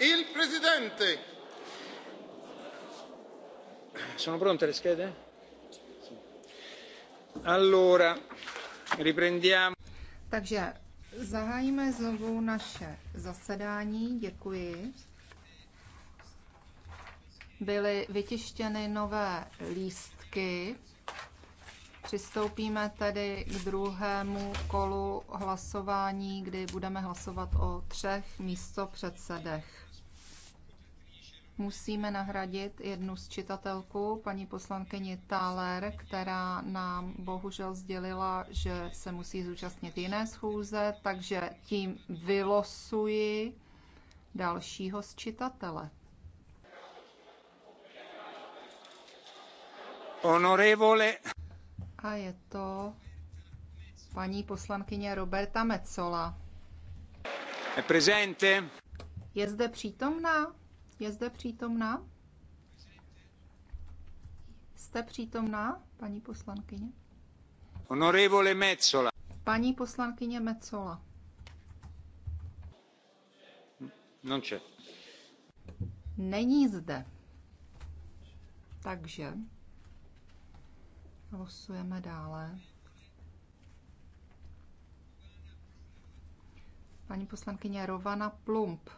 il presidente sono pronte le schede? Allora, riprendiamo. Takže zahájíme znovu naše zasedání. Děkuji. Byly vytištěny nové lístky. Přistoupíme tedy k druhému kolu hlasování, kdy budeme hlasovat o třech místopředsedech musíme nahradit jednu z čitatelků, paní poslankyni Thaler, která nám bohužel sdělila, že se musí zúčastnit jiné schůze, takže tím vylosuji dalšího z čitatele. Honorevole. A je to paní poslankyně Roberta Mecola. Je, Je zde přítomná? Je zde přítomná? Jste přítomná, paní poslankyně? Honorevole Metzola. Paní poslankyně Metzola. Non c'è. Není zde. Takže losujeme dále. Paní poslankyně Rovana Plump.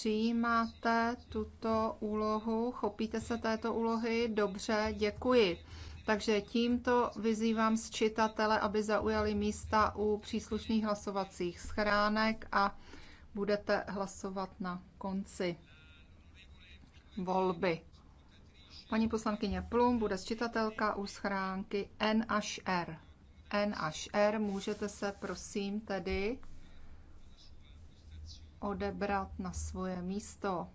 přijímáte tuto úlohu, chopíte se této úlohy, dobře, děkuji. Takže tímto vyzývám sčitatele, aby zaujali místa u příslušných hlasovacích schránek a budete hlasovat na konci volby. Paní poslankyně Plum bude sčitatelka u schránky N až R. N až R. Můžete se prosím tedy odebrat na svoje místo.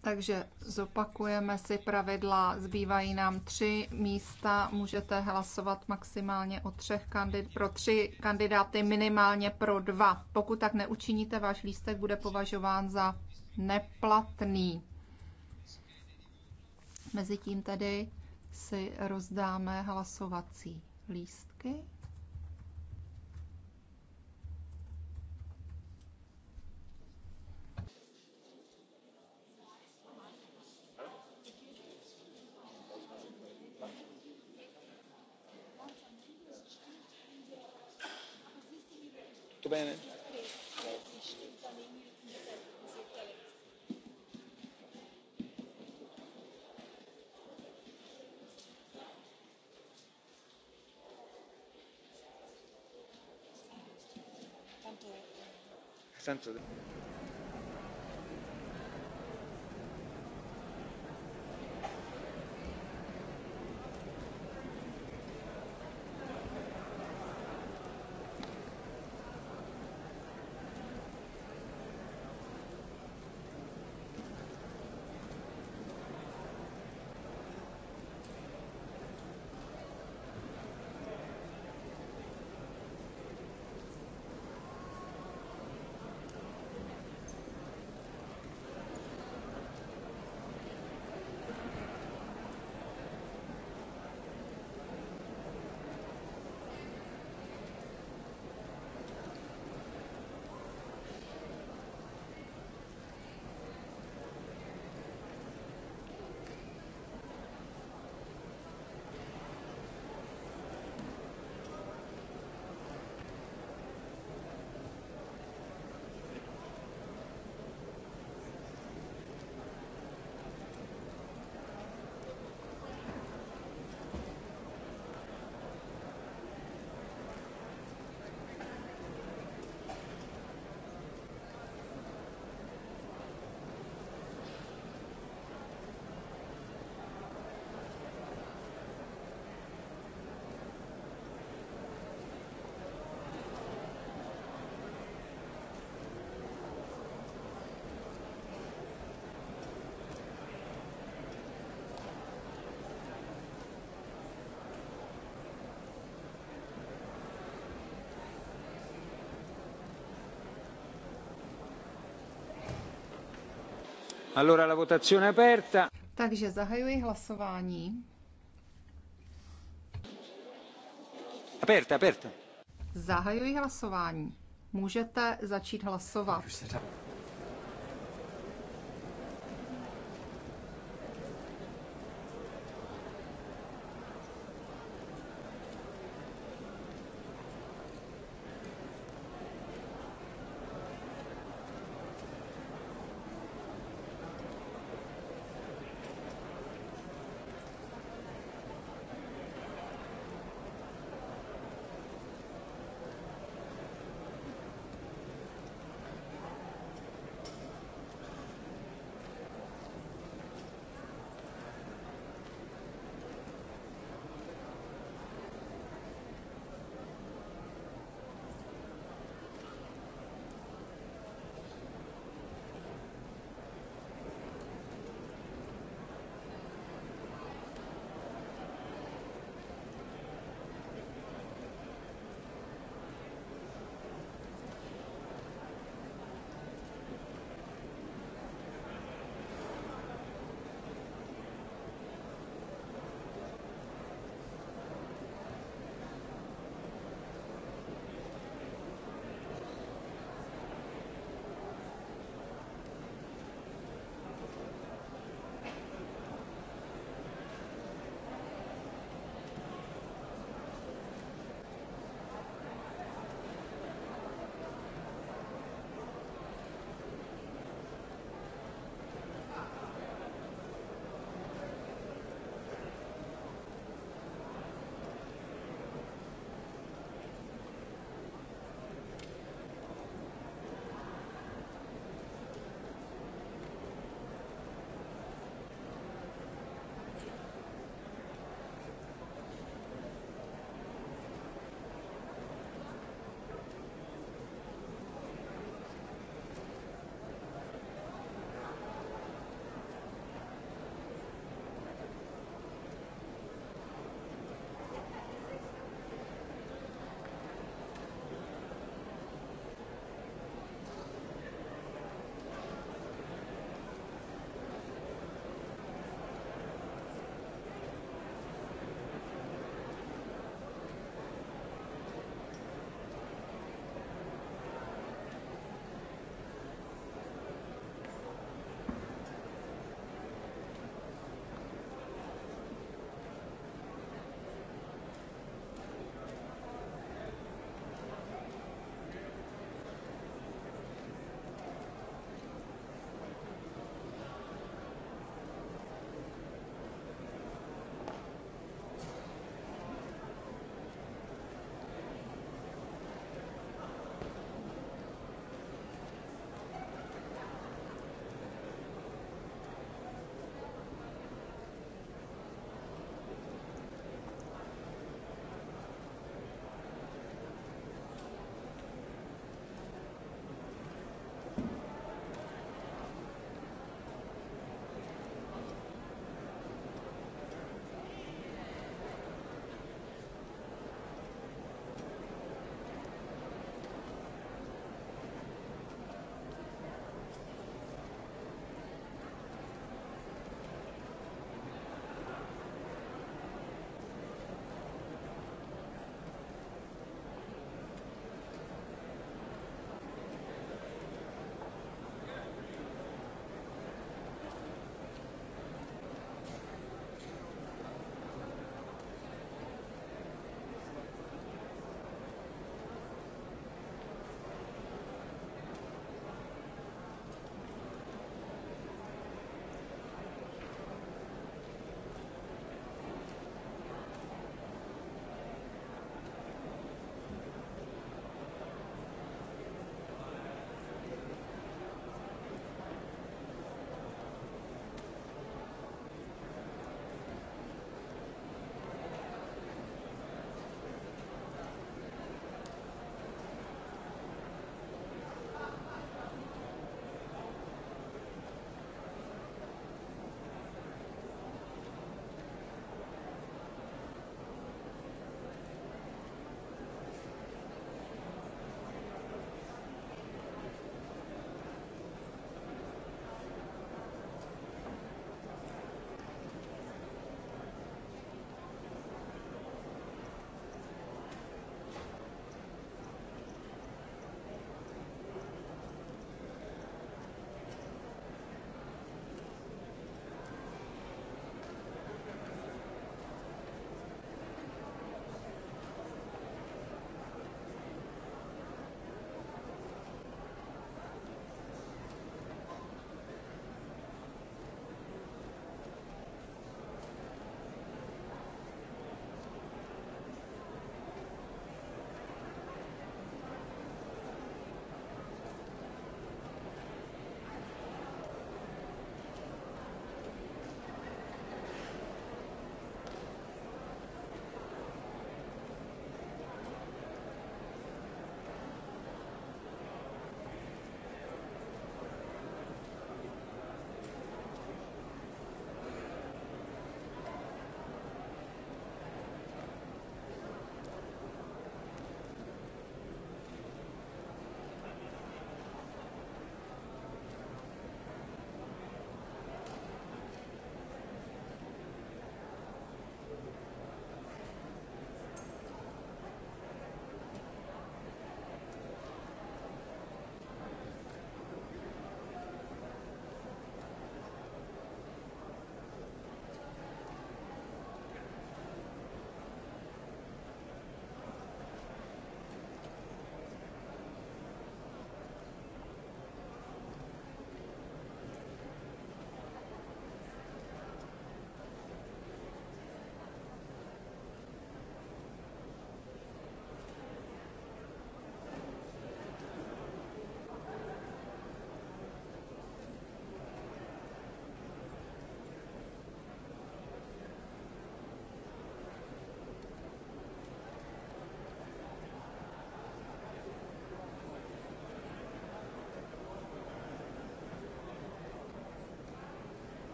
Takže zopakujeme si pravidla. Zbývají nám tři místa. Můžete hlasovat maximálně o třech kandid- pro tři kandidáty, minimálně pro dva. Pokud tak neučiníte, váš lístek bude považován za neplatný. Mezitím tedy si rozdáme hlasovací lístky. bene. abstention. Takže zahajuji hlasování. Aperta, aperta. Zahajuji hlasování. Můžete začít hlasovat.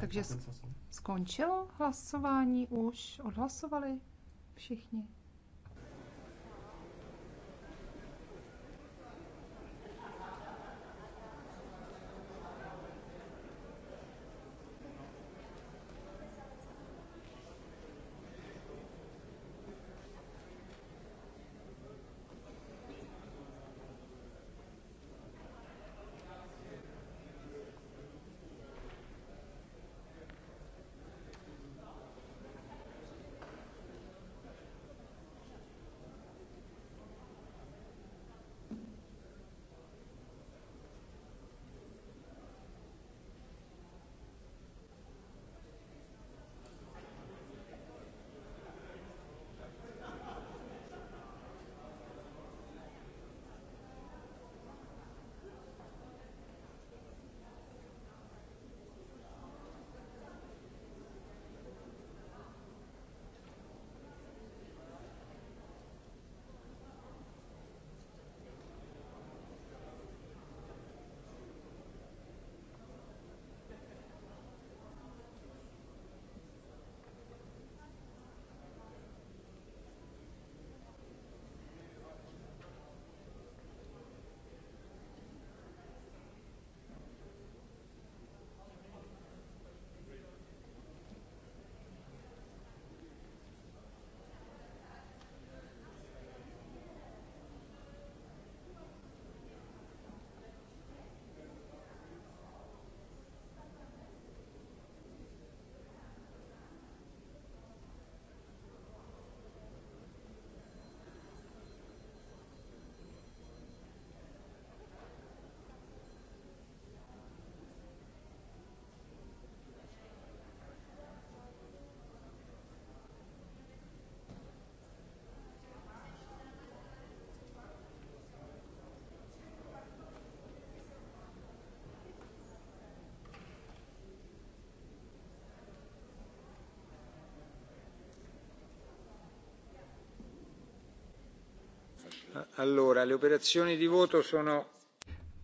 Takže skončilo hlasování už? Odhlasovali všichni?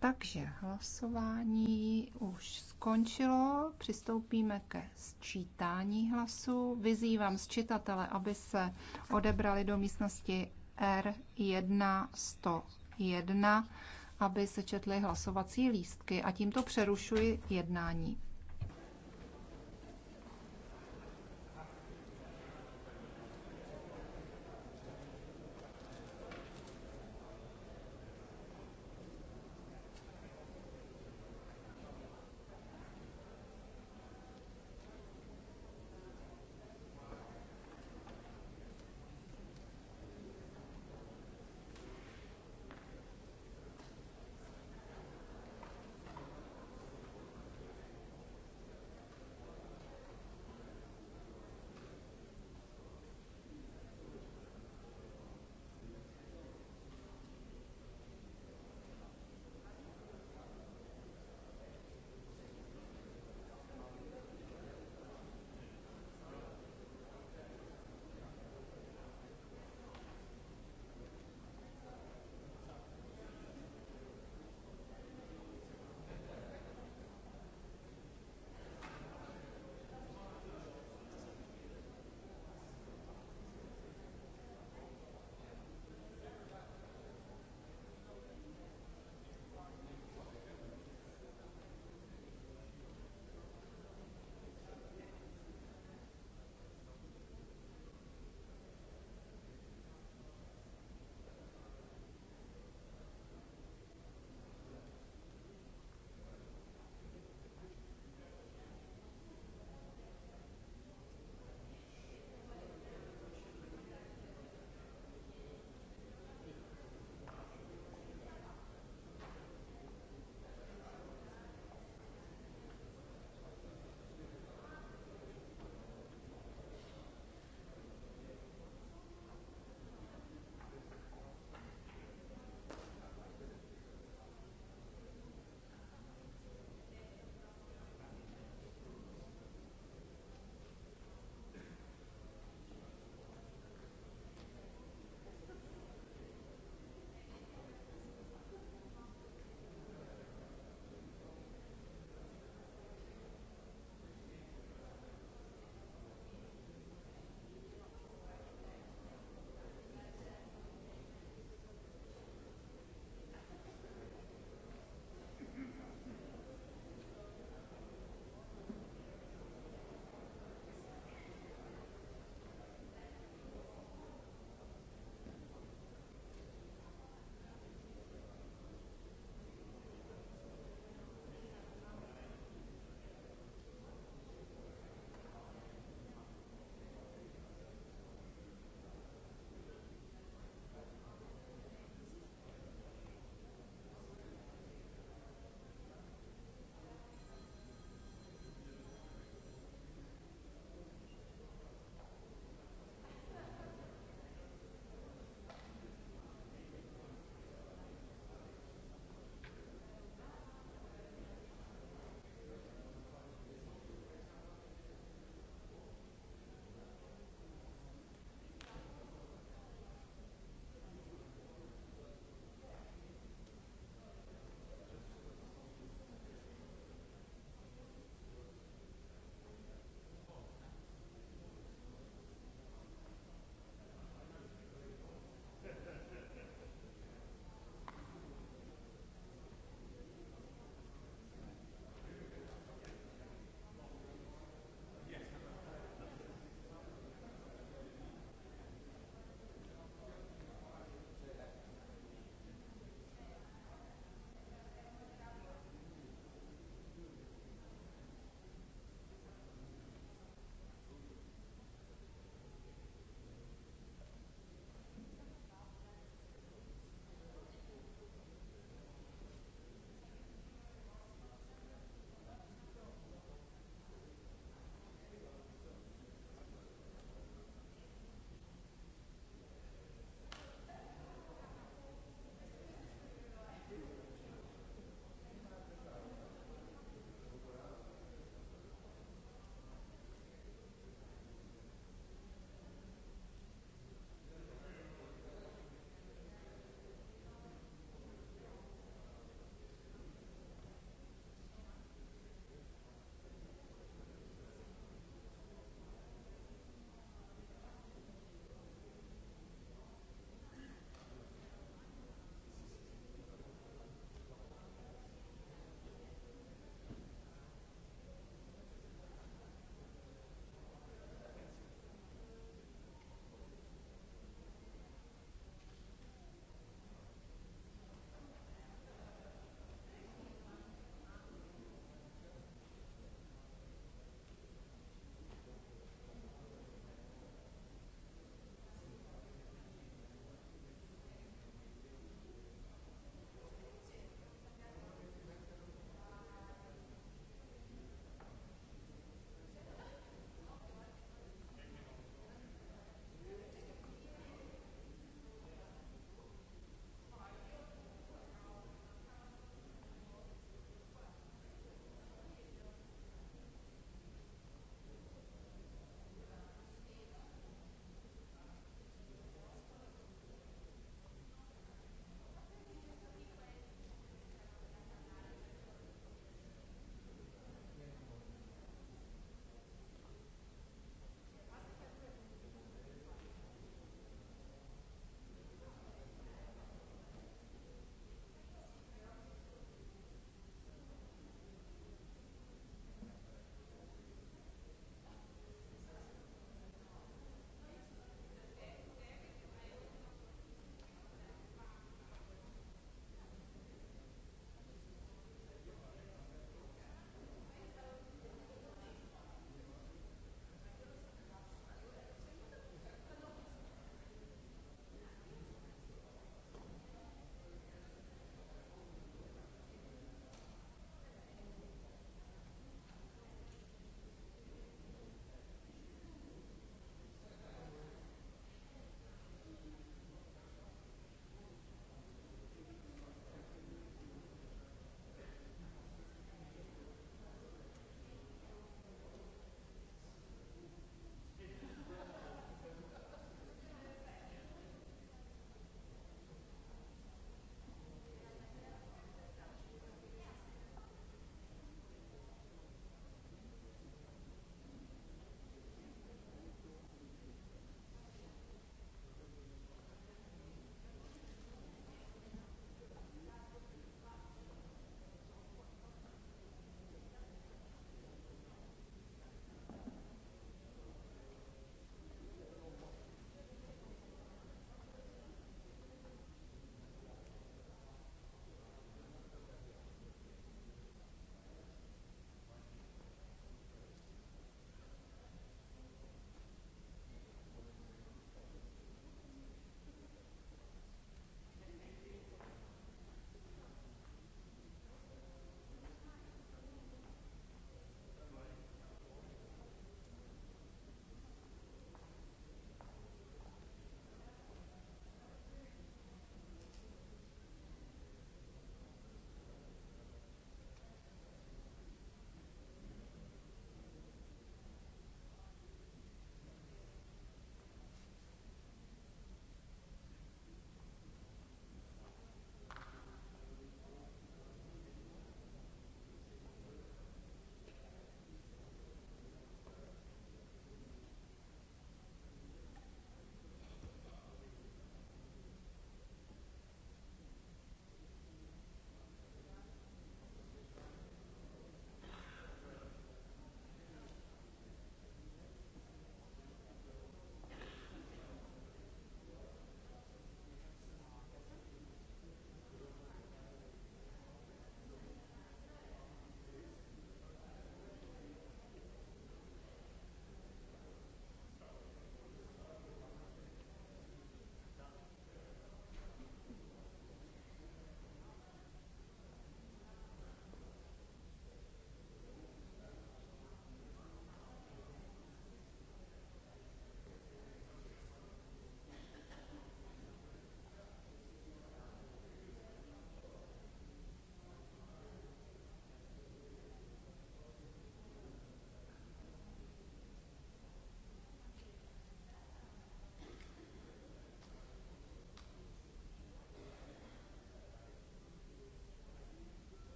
Takže hlasování už skončilo, přistoupíme ke sčítání hlasů. Vyzývám sčítatele, aby se odebrali do místnosti r 101, aby se četly hlasovací lístky a tímto přerušuji jednání.